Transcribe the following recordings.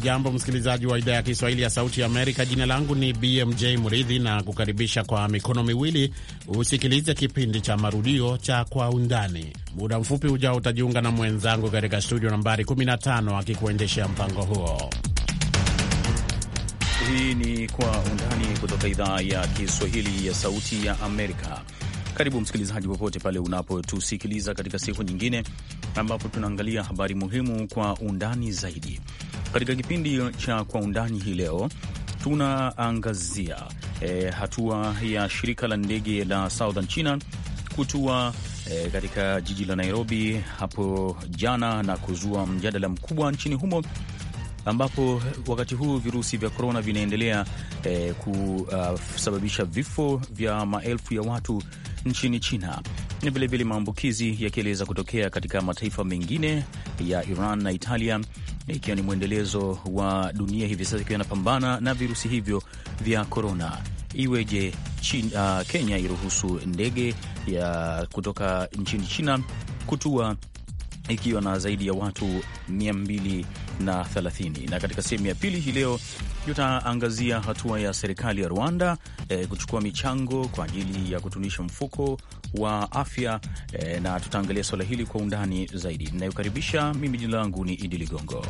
Ujambo msikilizaji wa idhaa ya Kiswahili ya Sauti ya Amerika. Jina langu ni BMJ mridhi na kukaribisha kwa mikono miwili usikilize kipindi cha marudio cha Kwa Undani. Muda mfupi ujao utajiunga na mwenzangu katika studio nambari 15 akikuendeshea mpango huo. Hii ni Kwa Undani kutoka idhaa ya Kiswahili ya Sauti ya Amerika. Karibu msikilizaji, popote pale unapotusikiliza katika siku nyingine, ambapo tunaangalia habari muhimu kwa undani zaidi. Katika kipindi cha Kwa Undani hii leo tunaangazia e, hatua ya shirika la ndege la Southern China kutua e, katika jiji la Nairobi hapo jana na kuzua mjadala mkubwa nchini humo ambapo wakati huu virusi vya korona vinaendelea eh, kusababisha vifo vya maelfu ya watu nchini China, na vilevile maambukizi yakieleza kutokea katika mataifa mengine ya Iran na Italia, ikiwa ni mwendelezo wa dunia hivi sasa ikiwa inapambana na virusi hivyo vya korona. Iweje chin, uh, Kenya iruhusu ndege ya kutoka nchini China kutua ikiwa na zaidi ya watu 230 na, na katika sehemu ya pili hii leo tutaangazia hatua ya serikali ya Rwanda eh, kuchukua michango kwa ajili ya kutunisha mfuko wa afya e, na tutaangalia suala hili kwa undani zaidi. Ninayokaribisha mimi, jina langu ni Idi Ligongo.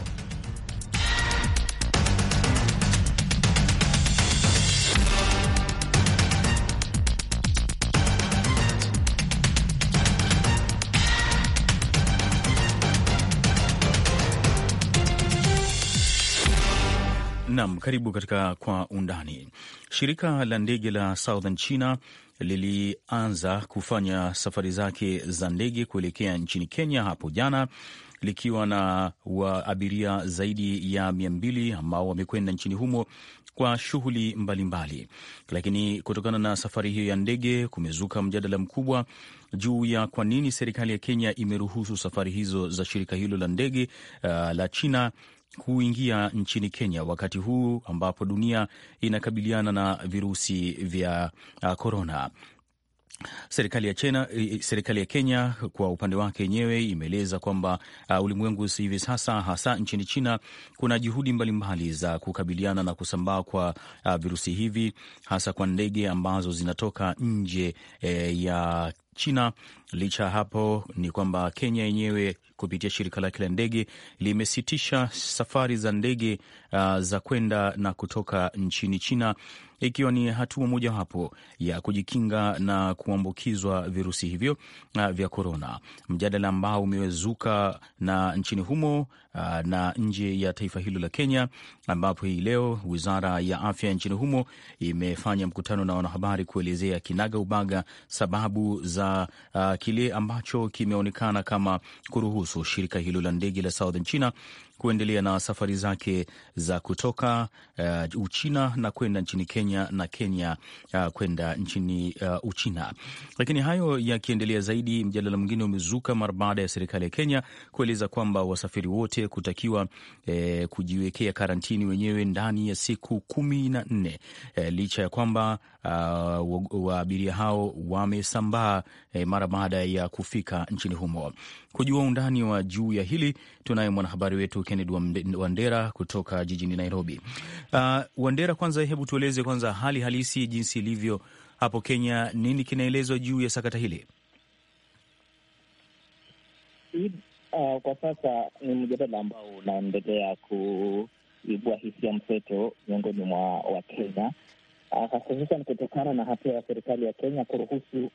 Nam, karibu katika Kwa Undani. Shirika la ndege la Southern China lilianza kufanya safari zake za ndege kuelekea nchini Kenya hapo jana likiwa na abiria zaidi ya mia mbili ambao wamekwenda nchini humo kwa shughuli mbalimbali, lakini kutokana na safari hiyo ya ndege kumezuka mjadala mkubwa juu ya kwa nini serikali ya Kenya imeruhusu safari hizo za shirika hilo la ndege uh, la China kuingia nchini Kenya wakati huu ambapo dunia inakabiliana na virusi vya korona. Uh, serikali ya China, serikali ya Kenya kwa upande wake yenyewe imeeleza kwamba uh, ulimwengu hivi sasa hasa nchini China kuna juhudi mbalimbali za kukabiliana na kusambaa kwa uh, virusi hivi hasa kwa ndege ambazo zinatoka nje eh, ya China Licha ya hapo ni kwamba Kenya yenyewe kupitia shirika lake la ndege limesitisha safari za ndege uh, za kwenda na kutoka nchini China, ikiwa ni hatua mojawapo ya kujikinga na kuambukizwa virusi hivyo uh, vya korona, mjadala ambao umezuka na nchini humo uh, na nje ya taifa hilo la Kenya, ambapo hii leo wizara ya afya nchini humo imefanya mkutano na wanahabari kuelezea kinaga ubaga sababu za uh, kile ambacho kimeonekana kama kuruhusu shirika hilo la ndege la Southern China kuendelea na safari zake za kutoka uh, Uchina na kwenda nchini Kenya na Kenya uh, kwenda nchini uh, Uchina. Lakini hayo yakiendelea zaidi, mjadala mwingine umezuka mara baada ya serikali ya Kenya kueleza kwamba wasafiri wote kutakiwa eh, kujiwekea karantini wenyewe ndani ya siku kumi na nne eh, licha ya kwamba uh, waabiria hao wamesambaa eh, mara baada ya kufika nchini humo. Kujua undani wa juu ya hili tunaye mwanahabari wetu Kennedy Wandera kutoka jijini Nairobi. Uh, Wandera, kwanza hebu tueleze kwanza hali halisi jinsi ilivyo hapo Kenya. Nini kinaelezwa juu ya sakata hili? Uh, kwa sasa ni mjadala ambao unaendelea kuibua hisia mseto miongoni mwa Wakenya uh, hasa hususan kutokana na hatua ya serikali ya Kenya kuruhusu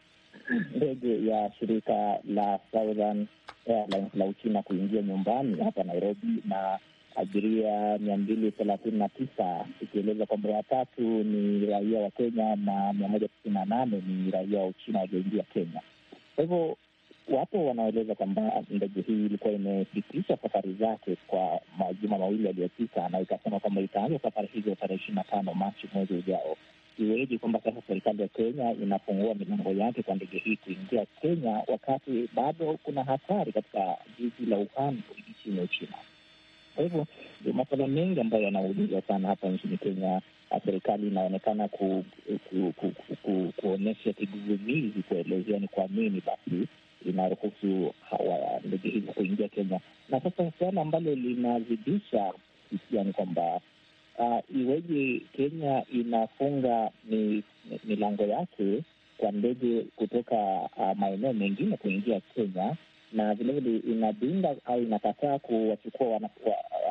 ndege ya shirika la Southern Airlines la Uchina kuingia nyumbani hapa Nairobi na abiria mia mbili thelathini na tisa ikieleza kwamba watatu ni raia wa Kenya na mia moja tisini na nane ni raia wa Uchina walioingia Kenya. Kwa hivyo wapo wanaeleza kwamba ndege hii ilikuwa imepitisha safari zake kwa majuma mawili yaliyopita, na ikasema kwamba itaanza safari hizo tarehe ishirini na tano Machi mwezi ujao iweje kwamba sasa serikali ya Kenya inapungua milango yake kwa ndege hii kuingia Kenya wakati bado kuna hatari katika jiji la Wuhan nchini Uchina. Kwa hivyo masuala mengi ambayo yanaulizwa sana hapa nchini Kenya, serikali inaonekana ku, ku, ku, ku, ku, kuonyesha kigugumizi kuelezea ni kwa nini basi inaruhusu ndege hizi kuingia Kenya. Na sasa suala ambalo linazidisha hisia ni kwamba uh, iweje Kenya inafunga milango yake kwa ndege kutoka uh, maeneo mengine kuingia Kenya na vilevile inapinga au inakataa kuwachukua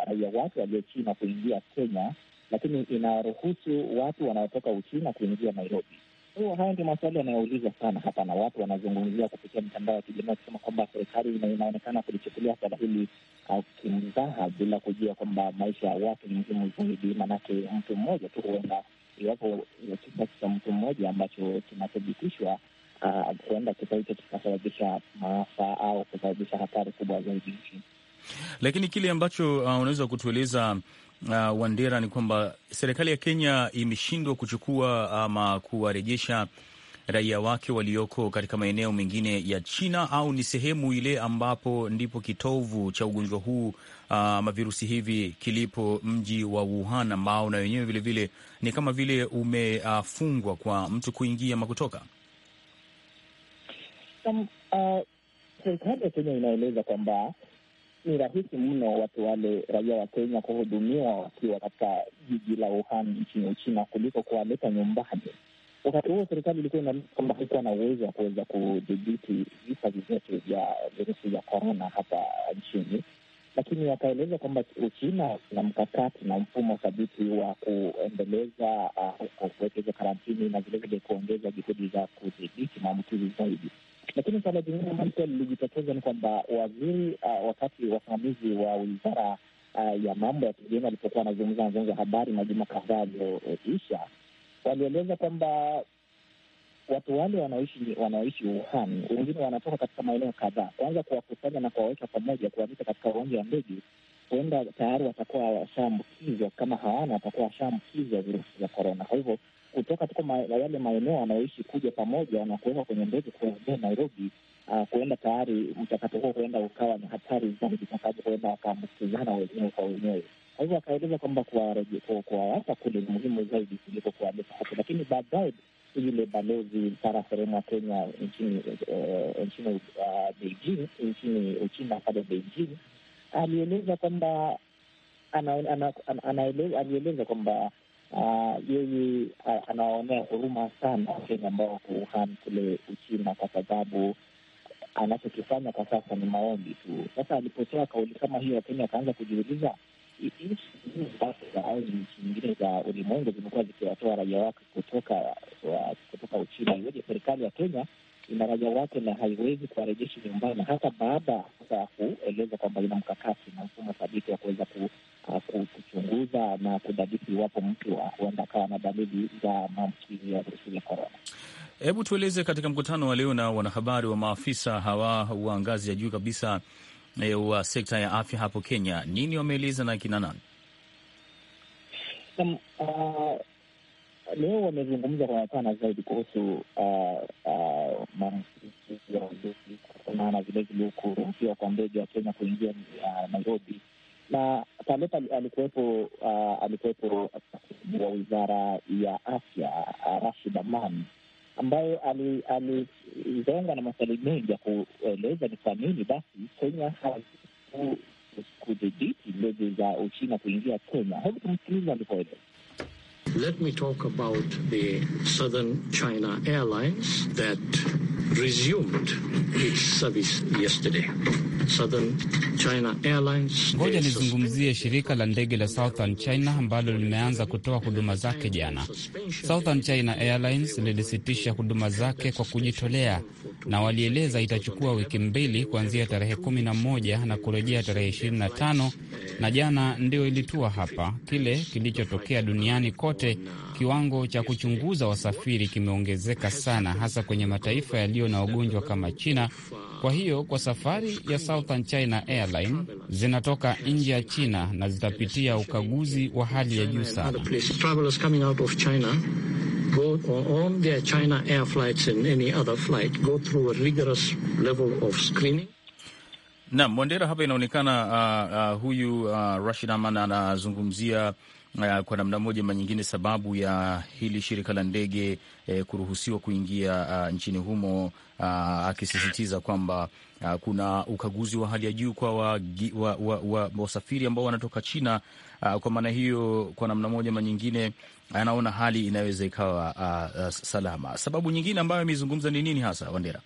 raia wake walio China kuingia Kenya, lakini inawaruhusu watu wanaotoka Uchina kuingia Nairobi huo. Haya ndio maswali yanayoulizwa sana hapa, na watu wanazungumzia kupitia mitandao ya kijamii wakisema kwamba serikali inaonekana kulichukulia swala hili uh, kimzaha, bila kujua kwamba maisha ya watu ni muhimu zaidi. Maanake mtu mmoja tu huenda, iwapo kisa cha mtu mmoja ambacho kinathibitishwa, uh, huenda kisa hicho kikasababisha maafa au kusababisha hatari kubwa zaidi nchini. Lakini kile ambacho uh, unaweza kutueleza uh, Wandera, ni kwamba serikali ya Kenya imeshindwa kuchukua ama kuwarejesha raia wake walioko katika maeneo mengine ya China au ni sehemu ile ambapo ndipo kitovu cha ugonjwa huu ah, ama uh, virusi hivi kilipo, mji wa Wuhan ambao na wenyewe vilevile ni kama vile umefungwa uh, kwa mtu kuingia ama kutoka. Um, uh, ya Kenya inaeleza kwamba ni rahisi mno watu wale raia wa Kenya kuhudumiwa wakiwa katika jiji la Wuhan nchini Uchina kuliko kuwaleta nyumbani. Wakati huo serikali ilikuwa inaamini kwamba haikuwa na uwezo wa kuweza kudhibiti visa vyovyote vya virusi vya korona hapa nchini, lakini wakaeleza kwamba Uchina na mkakati na mfumo thabiti wa kuendeleza uh, kuwekeza karantini na vilevile kuongeza juhudi za kudhibiti maambukizi zaidi. Lakini sala jingine ambalo pia lilijitokeza ni kwamba waziri uh, wakati wasimamizi wa wizara uh, ya mambo ya kigeni alipokuwa anazungumza na vyombo vya habari majuma kadhaa aliyoisha, walieleza kwamba watu wale wanaoishi wanaoishi Wuhan wengine wanatoka katika maeneo kadhaa. Kwanza kuwakusanya na kuwaweka pamoja, kuwaleta katika uwanja wa ndege, huenda tayari watakuwa washaambukizwa, kama hawana watakuwa washaambukizwa virusi vya korona. Kwa hivyo kutoka tuko ma, yale maeneo anayoishi kuja pamoja na kuwekwa kwenye ndege kuanzia Nairobi uh, kuenda tayari, mchakato huo huenda ukawa ni hatari zaidi, kwa sababu huenda wakaambukizana wenyewe kwa wenyewe. Kwa hivyo akaeleza kwamba kuwawasa kule ni muhimu zaidi kuliko kuwaleta hapo, lakini baadaye yule balozi Sara Seremu Kenya nchini eh, nchini ah, Beijing nchini Uchina pale Beijing alieleza kwamba alieleza kwamba Ah, yeye uh, ah, anawaonea huruma sana Wakenya ambao wako Wuhan kule Uchina, kwa sababu anachokifanya kwa sasa ni maombi tu. Sasa alipotoa kauli kama hiyo, Wakenya wakaanza kujiuliza nchi au nchi nyingine za ulimwengu zimekuwa zikiwatoa raia wake kutoka wa, kutoka Uchina. Iweje serikali ya Kenya ina raia wake na haiwezi kuwarejesha nyumbani, hata baada ya kueleza kwamba ina mkakati na mfumo thabiti wa kuweza kuchunguza na kudadisi iwapo mtu huenda akawa na dalili za maambukizi ya virusi vya korona. Hebu tueleze katika mkutano wa leo na wanahabari wa maafisa hawa wa ngazi ya juu kabisa e, wa sekta ya afya hapo Kenya, nini wameeleza na kina nani? Um, uh, leo wamezungumza kwa mapana zaidi kuhusu uh, uh, maambukizi ya virusi korona na vilevile kuruhusiwa kwa ndege wa Kenya kuingia uh, Nairobi na Taleb alikuwepo uh, alikuwepo wa wizara ya afya uh, Rashid Aman ambaye alizongwa na maswali mengi ya kueleza ni kwa nini basi Kenya hakudhibiti ndege za Uchina kuingia Kenya. Hebu tumsikiliza alivyoeleza. Let me talk about the Southern China Airlines that resumed its service yesterday. Southern China Airlines. Ngoja nizungumzie shirika la ndege la Southern China ambalo limeanza kutoa huduma zake jana. Southern China Airlines lilisitisha huduma zake kwa kujitolea na walieleza itachukua wiki mbili kuanzia tarehe 11 na kurejea tarehe 25, na jana ndio ilitua hapa. Kile kilichotokea duniani kote kote, kiwango cha kuchunguza wasafiri kimeongezeka sana, hasa kwenye mataifa yaliyo na wagonjwa kama China. Kwa hiyo kwa safari ya Southern China Airline zinatoka nje ya China na zitapitia ukaguzi wa hali ya juu sana. Naam, Mwandera, hapa inaonekana uh, uh, huyu uh, Rashid Aman anazungumzia Eh, kwa namna moja ama nyingine, sababu ya hili shirika la ndege eh, kuruhusiwa kuingia uh, nchini humo uh, akisisitiza kwamba uh, kuna ukaguzi wa hali ya juu kwa wasafiri wa, wa, wa, wa ambao wanatoka China. Uh, kwa maana hiyo, kwa namna moja ama nyingine, anaona hali inaweza ikawa uh, uh, salama. Sababu nyingine ambayo imezungumza ni nini hasa, Wandera?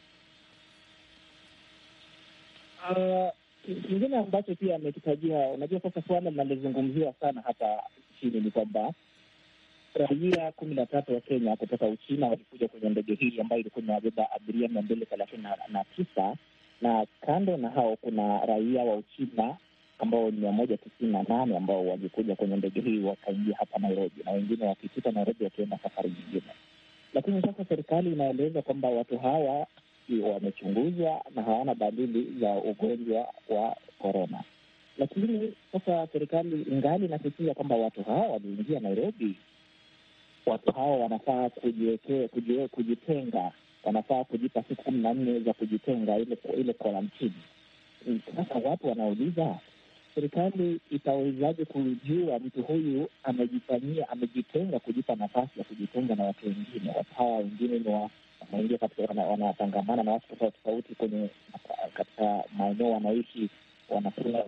uh kingine ambacho pia ametutajia, unajua sasa suala linalozungumziwa sana hapa nchini ni kwamba raia kumi na tatu wa Kenya kutoka Uchina walikuja kwenye ndege hii ambayo ilikuwa imewabeba abiria mia mbili thelathini na tisa na kando na hao kuna raia wa Uchina ambao ni mia moja tisini na nane ambao walikuja kwenye ndege hii wakaingia hapa Nairobi na wengine wakipita Nairobi wakienda safari nyingine. Lakini sasa serikali inaeleza kwamba watu hawa wamechunguzwa na hawana dalili za ugonjwa wa korona. Lakini sasa serikali ingali inasisitiza kwamba watu hawa waliingia Nairobi, watu hawa wanafaa kujitenga, wanafaa kujipa siku kumi na nne za kujitenga, ile ile karantini. Sasa watu wanauliza serikali itawezaje kujua mtu huyu amejifanyia, amejitenga, kujipa nafasi ya kujitenga na watu wengine? Watu hawa wengine ni wa wanaingia katika, wanatangamana na watu tofauti tofauti kwenye katika maeneo wanaishi, wanakula,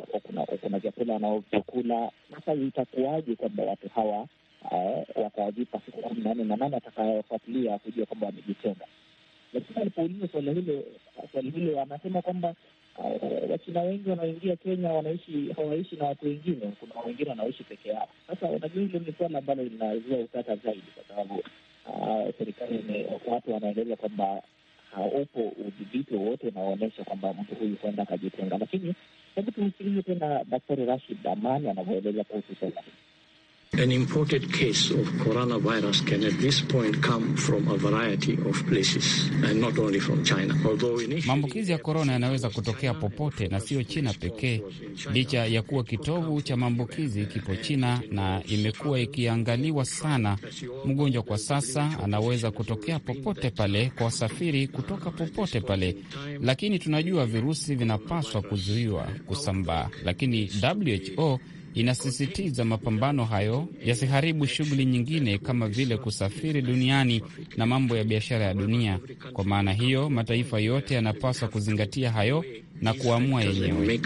kuna vyakula wanaovyokula. Sasa itakuwaje kwamba watu hawa eh, watajipa siku kumi na nne na nani atakayofuatilia kujua kwamba wamejitenga? Lakini alipouliza swali hilo, anasema kwamba eh, Wachina wengi wanaoingia Kenya wanaishi hawaishi na watu wengine, kuna wengine wanaoishi peke yao. Sasa unajua hilo ni swala ambalo linazua utata zaidi, kwa sababu Ah, serikali, watu wanaeleza kwamba haupo udhibiti wowote unaoonyesha kwamba mtu huyu kwenda akajitenga. Lakini hebu tumsikilize tena Daktari Rashid Amani anavyoeleza kuhusu swala hili. An imported case of coronavirus can at this point come from a variety of places and not only from China. Although initially... Maambukizi ya korona yanaweza kutokea popote na siyo China pekee, licha ya kuwa kitovu cha maambukizi kipo China na imekuwa ikiangaliwa sana. Mgonjwa kwa sasa anaweza kutokea popote pale kwa wasafiri kutoka popote pale, lakini tunajua virusi vinapaswa kuzuiwa kusambaa, lakini WHO inasisitiza mapambano hayo yasiharibu shughuli nyingine kama vile kusafiri duniani na mambo ya biashara ya dunia. Kwa maana hiyo, mataifa yote yanapaswa kuzingatia hayo na kuamua yenyewe.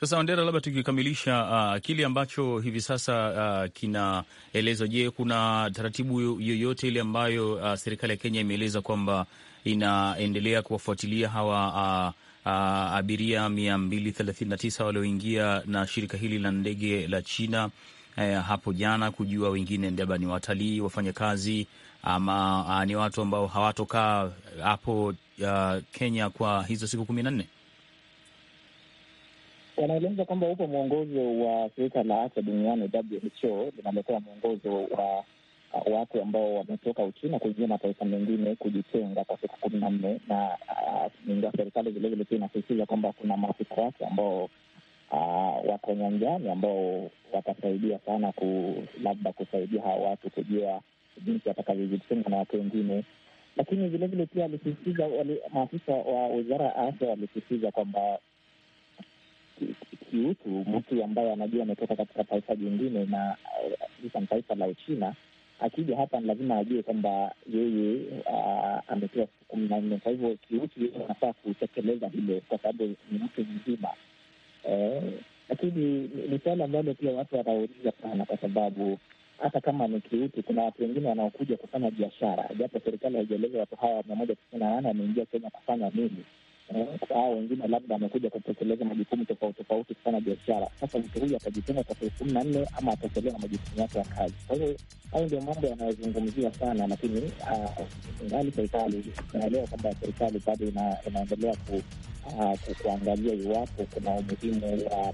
Sasa wandera labda tukikamilisha uh, kile ambacho hivi sasa uh, kinaelezwa. Je, kuna taratibu yoyote ile ambayo uh, serikali ya Kenya imeeleza kwamba inaendelea kuwafuatilia hawa uh, uh, abiria 239 walioingia na shirika hili la ndege la China eh, hapo jana, kujua wengine labda ni watalii, wafanyakazi ama uh, ni watu ambao hawatokaa hapo uh, Kenya kwa hizo siku kumi na nne wanaeleza kwamba upo mwongozo wa shirika la afya duniani WHO linalotoa mwongozo wa Uh, watu ambao wametoka Uchina kuingia mataifa mengine kujitenga kwa siku kumi na nne na uh, ingawa serikali vilevile pia inasisitiza kwamba kuna maafisa wake ambao uh, wako nyanjani ambao watasaidia sana ku labda kusaidia hawa watu kujua jinsi watakavyojitenga na watu wengine, lakini vilevile pia walisisitiza maafisa wa wizara ya afya walisisitiza kwamba kiutu, mtu ambaye anajua ametoka katika taifa jingine na hususan taifa la Uchina akija hapa lazima ajue kwamba yeye uh, amepewa siku kumi na nne. Kwa hivyo kiutu yeye anafaa kutekeleza hilo, kwa sababu ni mtu mzima eh, lakini ni suala ambalo pia watu wanauliza sana, kwa sababu hata kama ni kiutu, kuna watu wengine wanaokuja kufanya biashara, japo serikali haijaeleza watu hawa mia moja tisini na nane wameingia Kenya kufanya nini au wengine labda amekuja kutekeleza majukumu tofauti tofauti, kufanya biashara. Sasa mtu huyu atajitenga kwa siku kumi na nne ama ataendelea na majukumu yake ya kazi. Kwa hiyo hayo ndio mambo yanayozungumziwa sana, lakini ah, ngali serikali inaelewa kwamba serikali bado inaendelea ah, ku kuangalia iwapo kuna umuhimu wa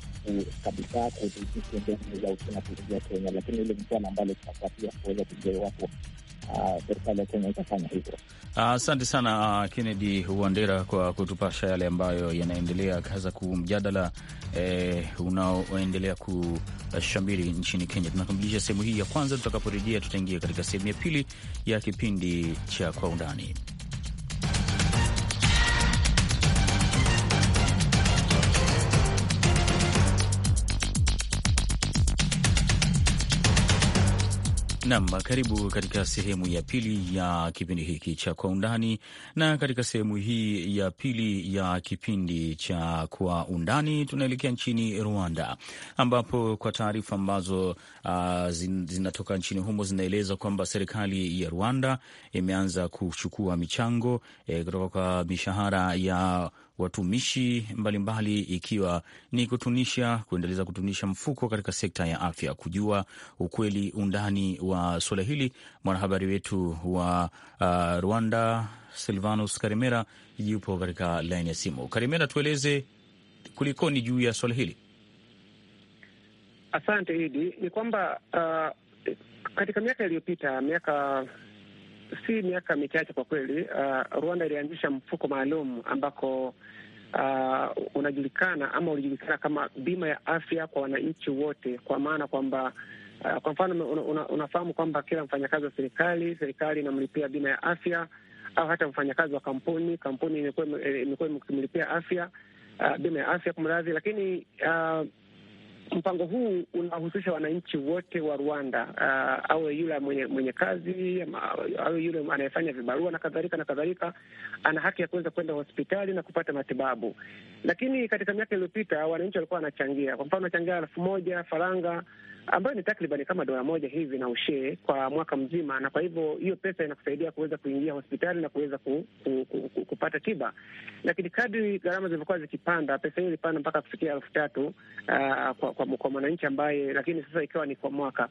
kabisa kudhibiti mbegu za Uchina kuingia Kenya, lakini ile ni swala ambalo tunafuatia kuweza kujua iwapo ah, serikali ya Kenya itafanya hivyo. Asante sana Kennedy Wandera kwa kutupa kupasha yale ambayo yanaendelea, hasa kumjadala eh, unaoendelea kushamiri nchini Kenya. Tunakamilisha sehemu hii ya kwanza. Tutakaporejea, tutaingia katika sehemu ya pili ya kipindi cha Kwa Undani. Nam, karibu katika sehemu ya pili ya kipindi hiki cha Kwa Undani. Na katika sehemu hii ya pili ya kipindi cha Kwa Undani, tunaelekea nchini Rwanda, ambapo kwa taarifa ambazo uh, zin, zinatoka nchini humo zinaeleza kwamba serikali ya Rwanda imeanza kuchukua michango eh, kutoka kwa mishahara ya watumishi mbalimbali, ikiwa ni kutunisha, kuendeleza kutunisha mfuko katika sekta ya afya. Kujua ukweli undani wa suala hili, mwanahabari wetu wa uh, Rwanda Silvanus Karimera yupo katika laini ya simu. Karimera, tueleze kulikoni juu ya suala hili. Asante Idi. Ni kwamba uh, katika miaka iliyopita miaka si miaka michache kwa kweli, uh, Rwanda ilianzisha mfuko maalum ambako uh, unajulikana ama ulijulikana kama bima ya afya kwa wananchi wote, kwa maana kwamba uh, kwa mfano una, una, unafahamu kwamba kila mfanyakazi wa serikali, serikali inamlipia bima ya afya au hata mfanyakazi wa kampuni, kampuni imekuwa imekuwa ikimlipia afya uh, bima ya afya kumradhi, lakini uh, Mpango huu unahusisha wananchi wote wa Rwanda, uh, awe yule mwenye, mwenye kazi awe yule anayefanya vibarua na kadhalika na kadhalika, ana haki ya kuweza kwenda hospitali na kupata matibabu. Lakini katika miaka iliyopita wananchi walikuwa wanachangia, kwa mfano, wanachangia elfu moja faranga ambayo ni takriban kama dola moja hivi na ushee kwa mwaka mzima, na kwa hivyo hiyo pesa inakusaidia kuweza kuingia hospitali na kuweza ku, ku, ku, ku, kupata tiba. Lakini kadri gharama zilivyokuwa zikipanda, pesa hiyo ilipanda mpaka kufikia elfu tatu uh, kwa, kwa, kwa mwananchi ambaye, lakini sasa ikiwa ni kwa mwaka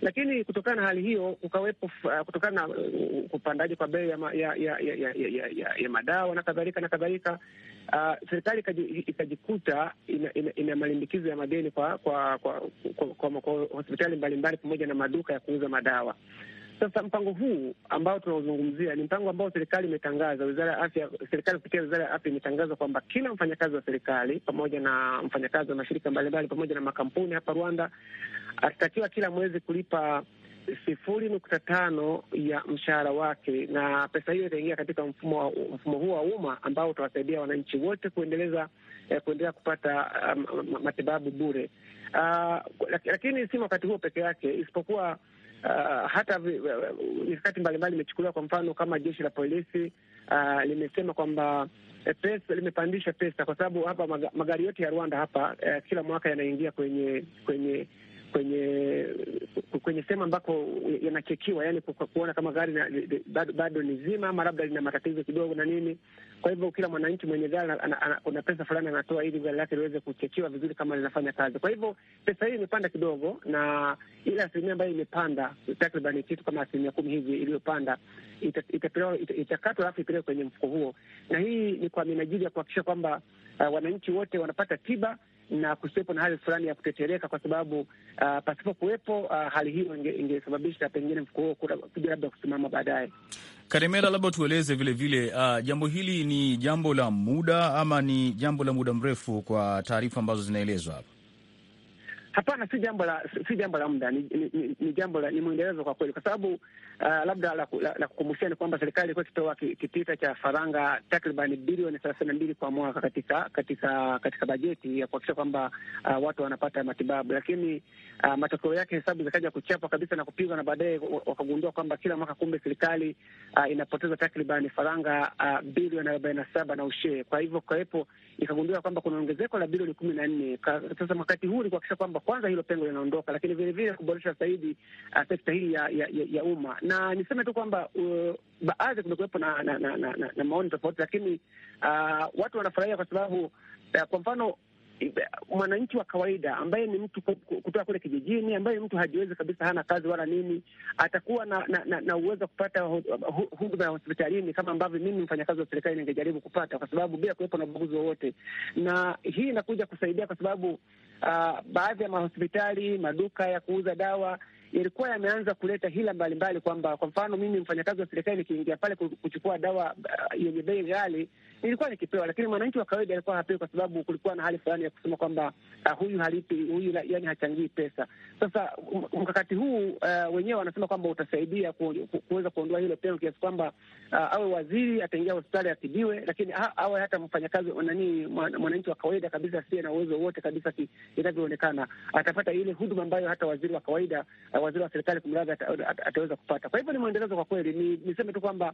lakini kutokana na hali hiyo kukawepo, uh, kutokana na uh, kupandaji kwa bei ya, ya, ya, ya, ya, ya, ya madawa na kadhalika na kadhalika, uh, serikali ikajikuta ina, ina, ina malimbikizo ya madeni kwa kwa kwa, kwa, kwa, kwa, kwa hospitali mbalimbali pamoja na maduka ya kuuza madawa. Sasa mpango huu ambao tunaozungumzia ni mpango ambao serikali imetangaza, wizara ya afya, serikali kupitia wizara ya afya imetangaza kwamba kila mfanyakazi wa serikali pamoja na mfanyakazi wa mashirika mbalimbali pamoja na makampuni hapa Rwanda atatakiwa kila mwezi kulipa sifuri nukta tano ya mshahara wake, na pesa hiyo itaingia katika mfumo, mfumo huo wa umma ambao utawasaidia wananchi wote kuendeleza eh, kuendelea kupata um, matibabu bure. Uh, lakini si wakati huo peke yake, isipokuwa uh, hata mikakati mbalimbali imechukuliwa. Kwa mfano kama jeshi la polisi uh, limesema kwamba eh, pesa limepandisha pesa kwa sababu hapa magari yote ya Rwanda hapa eh, kila mwaka yanaingia kwenye kwenye kwenye kwenye sehemu ambako yanachekiwa, yani kuona kama gari bado, ni zima ama labda lina matatizo kidogo na nini. Kwa hivyo kila mwananchi mwenye gari kuna pesa fulani anatoa ili gari lake liweze kuchekiwa vizuri kama linafanya kazi. Kwa hivyo pesa hii imepanda kidogo, na ile asilimia ambayo imepanda takriban kitu kama asilimia kumi hivi iliyopanda itakatwa alafu ipelekwe kwenye mfuko huo, na hii ni kwa minajili ya kuhakikisha kwamba uh, wananchi wote wanapata tiba na kusiwepo na hali fulani ya kutetereka, kwa sababu uh, pasipo kuwepo uh, hali hiyo ingesababisha pengine mfuko huo kuja labda kusimama baadaye. Karemera, labda tueleze vilevile uh, jambo hili ni jambo la muda ama ni jambo la muda mrefu, kwa taarifa ambazo zinaelezwa hapa? Hapana, si jambo la si jambo la muda, ni, ni, ni jambo la ni mwendelezo kwa kweli, kwa sababu uh, labda la, la, la kukumbushia ni kwamba serikali ilikuwa ikitoa kitita cha faranga takriban bilioni thelathini na mbili kwa mwaka katika katika katika bajeti ya kuhakikisha kwamba uh, watu wanapata matibabu, lakini uh, matokeo yake hesabu zikaja kuchapa kabisa na kupigwa, na baadaye wakagundua kwamba kila mwaka kumbe serikali uh, inapoteza takriban faranga uh, bilioni arobaini na saba na ushee. Kwa hivyo kawepo ikagundua kwamba kuna ongezeko la bilioni kumi na nne. Sasa wakati huu ni kuhakikisha kwamba kwanza hilo pengo linaondoka, lakini vilevile kuboresha zaidi uh, sekta hii ya, ya, ya, ya umma. Na niseme tu kwamba uh, baadhi kumekuwepo na, na, na, na, na maoni tofauti, lakini uh, watu wanafurahia kwa sababu uh, kwa mfano mwananchi wa kawaida ambaye ni mtu kutoka kule kijijini, ambaye mtu hajiwezi kabisa, hana kazi wala nini, atakuwa na na, na, na uwezo wa kupata huduma ya hospitalini kama ambavyo mimi mfanyakazi wa serikali ningejaribu kupata, kwa sababu bila kuwepo na ubaguzi wowote. Na hii inakuja kusaidia kwa sababu uh, baadhi ya mahospitali, maduka ya kuuza dawa yalikuwa yameanza kuleta hila mbalimbali, kwamba kwa mfano mimi mfanyakazi wa serikali nikiingia pale kuchukua dawa uh, yenye bei ghali nilikuwa nikipewa, lakini mwananchi wa kawaida alikuwa hapewi, kwa sababu kulikuwa na hali fulani ya kusema kwamba uh, huyu halipi huyu, la, yani hachangii pesa. Sasa um, mkakati huu uh, wenyewe wanasema kwamba utasaidia ku, ku, kuweza kuondoa hilo pengo kiasi kwamba uh, awe waziri ataingia hospitali atibiwe, lakini ha, ah, awe hata mfanyakazi nani, mwananchi wa kawaida kabisa asiye na uwezo wote kabisa inavyoonekana, atapata ile huduma ambayo hata waziri wa kawaida uh, waziri wa serikali kumradhi at, at, at, ataweza kupata. Kwa hivyo ni mwendelezo kwa kweli, niseme ni tu kwamba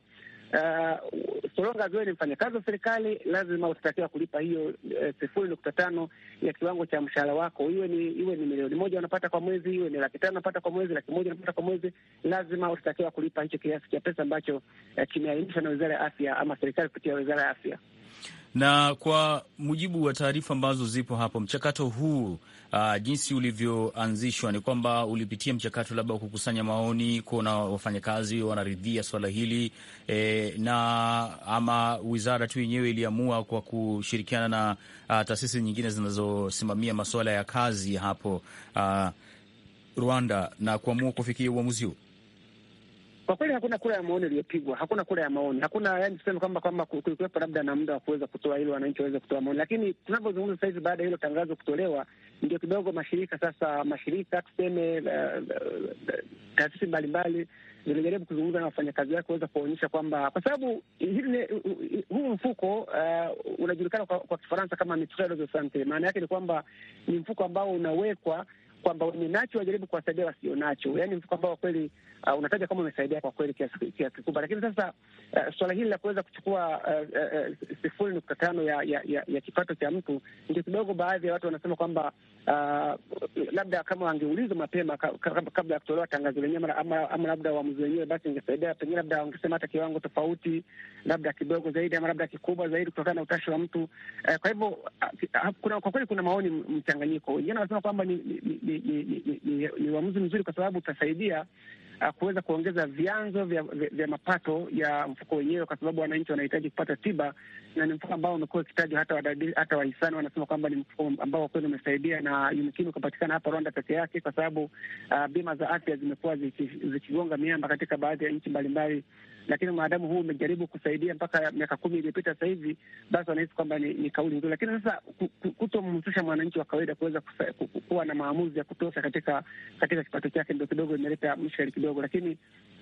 uh, Solonga Zoe ni mfanyakazi wa serikali serikali lazima utatakiwa kulipa hiyo e, sifuri nukta tano ya kiwango cha mshahara wako, iwe ni iwe ni milioni moja unapata kwa mwezi, iwe ni laki tano unapata kwa mwezi, laki moja unapata kwa mwezi, lazima utatakiwa kulipa hicho kiasi cha pesa ambacho e, kimeainishwa na wizara ya afya ama serikali kupitia wizara ya afya. Na kwa mujibu wa taarifa ambazo zipo hapo, mchakato huu uh, jinsi ulivyoanzishwa ni kwamba ulipitia mchakato labda wa kukusanya maoni, kuona wafanyakazi wanaridhia swala hili e, na ama wizara tu yenyewe iliamua kwa kushirikiana na uh, taasisi nyingine zinazosimamia masuala ya kazi hapo uh, Rwanda na kuamua kufikia uamuzi huu? Kwa kweli hakuna kura ya maoni iliyopigwa, hakuna kura ya maoni, hakuna yani, tuseme kwamba kwamba kulikuwepo labda na muda wa kuweza kutoa hilo, wananchi waweze kutoa maoni, lakini tunavyozungumza sasa hivi, baada ya hilo tangazo kutolewa, ndio kidogo mashirika sasa, mashirika tuseme, eh, eh, taasisi mbalimbali zinajaribu kuzungumza na wafanyakazi wake kuweza kuwaonyesha kwamba, kwa sababu huu mfuko eh, unajulikana kwa Kifaransa kama mutuelle de sante, maana yake ni kwamba ni mfuko ambao unawekwa kwamba wenye nacho wajaribu kuwasaidia wasio nacho, yani kwamba kwa kweli uh, unataja kama umesaidia kwa kweli kiasi kikubwa. Lakini sasa uh, suala hili la kuweza kuchukua uh, uh, uh, sifuri nukta tano ya, ya, ya, ya kipato cha mtu ndio kidogo, baadhi ya watu wanasema kwamba uh, labda kama wangeulizwa mapema kabla ya kutolewa tangazo lenyewe ama, ama labda uamuzi wenyewe, basi ingesaidia pengine, labda wangesema hata kiwango tofauti, labda kidogo zaidi ama labda kikubwa zaidi, kutokana na utashi wa mtu uh, kwa hivyo uh, kuna, kwa kweli kuna maoni mchanganyiko. Wengine wanasema kwamba ni, ni, ni uamuzi mzuri kwa sababu utasaidia uh, kuweza kuongeza vyanzo vya, vya, vya mapato ya mfuko wenyewe, kwa sababu wananchi wanahitaji kupata tiba, na ni mfuko ambao umekuwa ukitaji hata wadadili, hata wahisani wanasema kwamba ni mfuko ambao kweli umesaidia na yumkini ukapatikana hapa Rwanda peke yake, kwa sababu uh, bima za afya zimekuwa zikigonga miamba katika baadhi ya nchi mbalimbali lakini maadamu huu umejaribu kusaidia mpaka miaka kumi iliyopita sasa hivi, basi wanahisi kwamba ni, ni kauli nzuri, lakini sasa kutomhusisha mwananchi wa kawaida kuweza kuwa na maamuzi ya kutosha katika katika kipato chake ndo kidogo imeleta mshkeli kidogo, lakini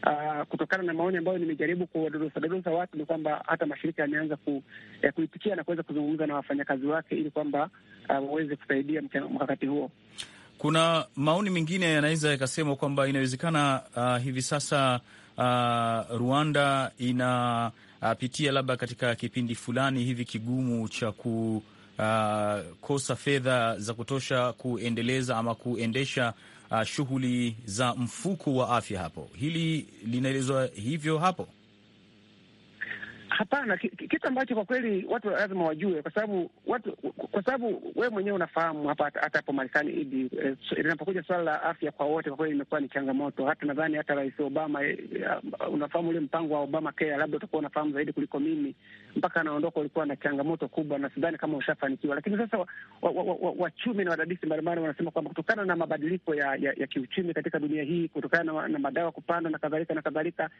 uh, kutokana na maoni ambayo nimejaribu kuwadodosa dodosa watu ni kwamba hata mashirika yameanza ku, ya kuipitia na kuweza kuzungumza na wafanyakazi wake ili kwamba ah, waweze uh, kusaidia mkakati huo. Kuna maoni mengine yanaweza yakasema kwamba inawezekana uh, hivi sasa uh, Rwanda inapitia uh, labda katika kipindi fulani hivi kigumu cha ku uh, kosa fedha za kutosha kuendeleza ama kuendesha uh, shughuli za mfuko wa afya hapo. Hili linaelezwa hivyo hapo Hapana, kitu ambacho kwa kweli watu lazima wajue, kwa sababu watu, kwa sababu wewe mwenyewe unafahamu hapa, hata hapo Marekani hivi eh, linapokuja eh, swala la afya kwa wote, kwa kweli imekuwa ni changamoto. Hata nadhani hata Rais Obama, eh, unafahamu ule mpango wa Obama Care, labda utakuwa unafahamu zaidi kuliko mimi. Mpaka anaondoka ulikuwa na changamoto kubwa, na sidhani kama ushafanikiwa. Lakini sasa wachumi na wadadisi mbalimbali wanasema kwamba kutokana na mabadiliko ya, ya, ya kiuchumi katika dunia hii, kutokana na, na madawa kupanda na kadhalika na kadhalika,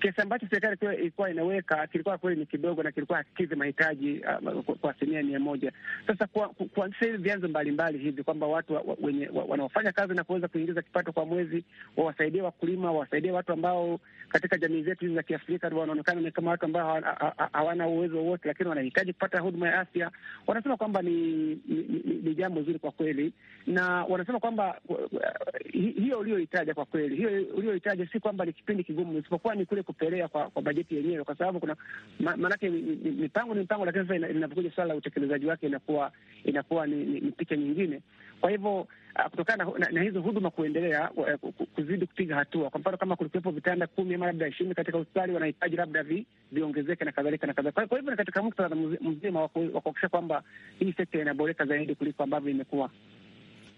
kiasi ambacho serikali ilikuwa inaweka kilikuwa kweli ni kidogo na kilikuwa hakikizi mahitaji uh, kwa asilimia mia moja. Sasa kwa, kwa vyanzo mbalimbali hivi kwamba watu wa, wenye wa, wanaofanya kazi na kuweza kuingiza kipato kwa mwezi wawasaidie wakulima, wawasaidie watu ambao katika jamii zetu hizi za Kiafrika wanaonekana ni kama watu ambao hawana uwezo wowote, lakini wanahitaji kupata huduma ya afya. Wanasema kwamba ni, ni, ni, ni jambo zuri kwa kweli, na wanasema kwamba uh, hiyo uliyohitaja kwa kweli, hiyo uliyohitaja si kwamba ni kipindi kigumu, isipokuwa ni kule kupelea kwa, kwa bajeti yenyewe, kwa sababu kuna maanake mipango ni mipango, lakini sasa linapokuja suala la utekelezaji wake inakuwa inakuwa ni, ni, ni picha nyingine. Kwa hivyo ah, kutokana na, na, na hizo huduma kuendelea eh, kuzidi kupiga hatua, kwa mfano kama kulikuwepo vitanda kumi ama labda ishirini katika hospitali, wanahitaji labda vi, viongezeke na kadhalika na kadhalika. Kwa hivyo ni katika muktadha mzima wa kuhakikisha kwamba hii sekta inaboreka zaidi kuliko ambavyo imekuwa.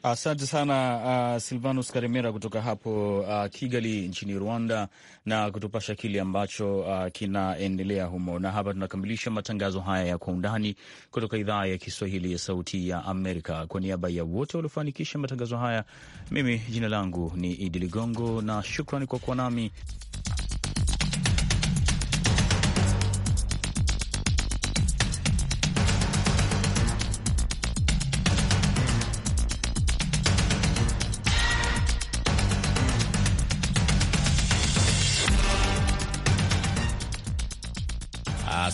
Asante sana uh, Silvanus karimera kutoka hapo uh, Kigali nchini Rwanda, na kutupasha kile ambacho uh, kinaendelea humo. Na hapa tunakamilisha matangazo haya ya Kwa Undani kutoka idhaa ya Kiswahili ya Sauti ya Amerika. Kwa niaba ya wote waliofanikisha matangazo haya, mimi jina langu ni Idi Ligongo na shukrani kwa kuwa nami.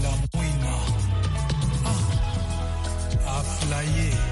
la moina. Ah, à flyer.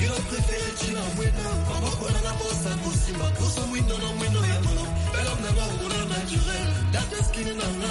bino prefere cina mwino mamokona na bosa kosimba poso mwindo na mwindo ya mono elam nanga okona naturel dateskini nanga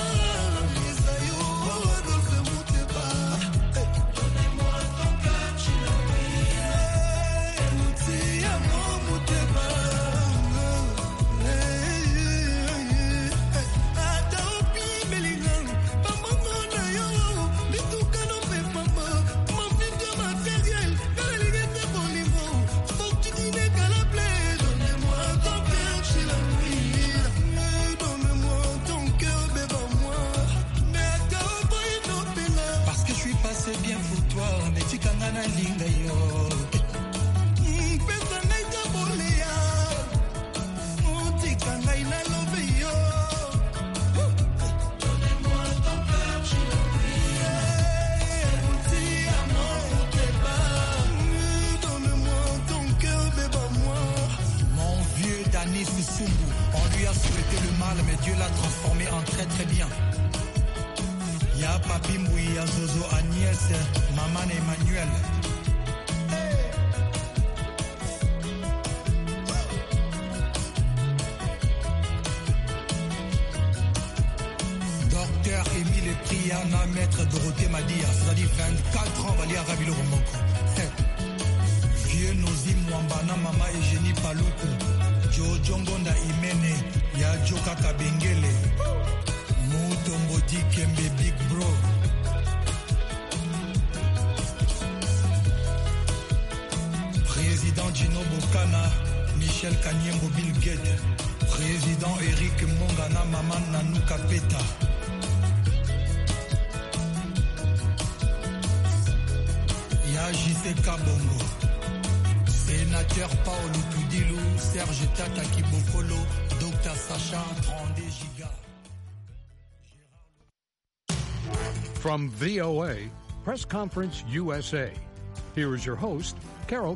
Tatiana, maître Dorothée Madia, cest à 24 ans, Valia Rabilo Romoko. 7. Vieux Nozi Mwambana, Mama Eugénie Paloukou. Jojo Ngonda Imene, Kaka Kabengele. Moutombo Dikembe Big Bro. Président Gino Bokana, Michel Kanyembo Bill Gates. Président Eric Mongana, Maman Nanou Peta. Sénateur Paolo Tudilou, Serge Tata Kibokolo, Sacha Giga. From VOA, Press Conference USA. Here is your host, Carol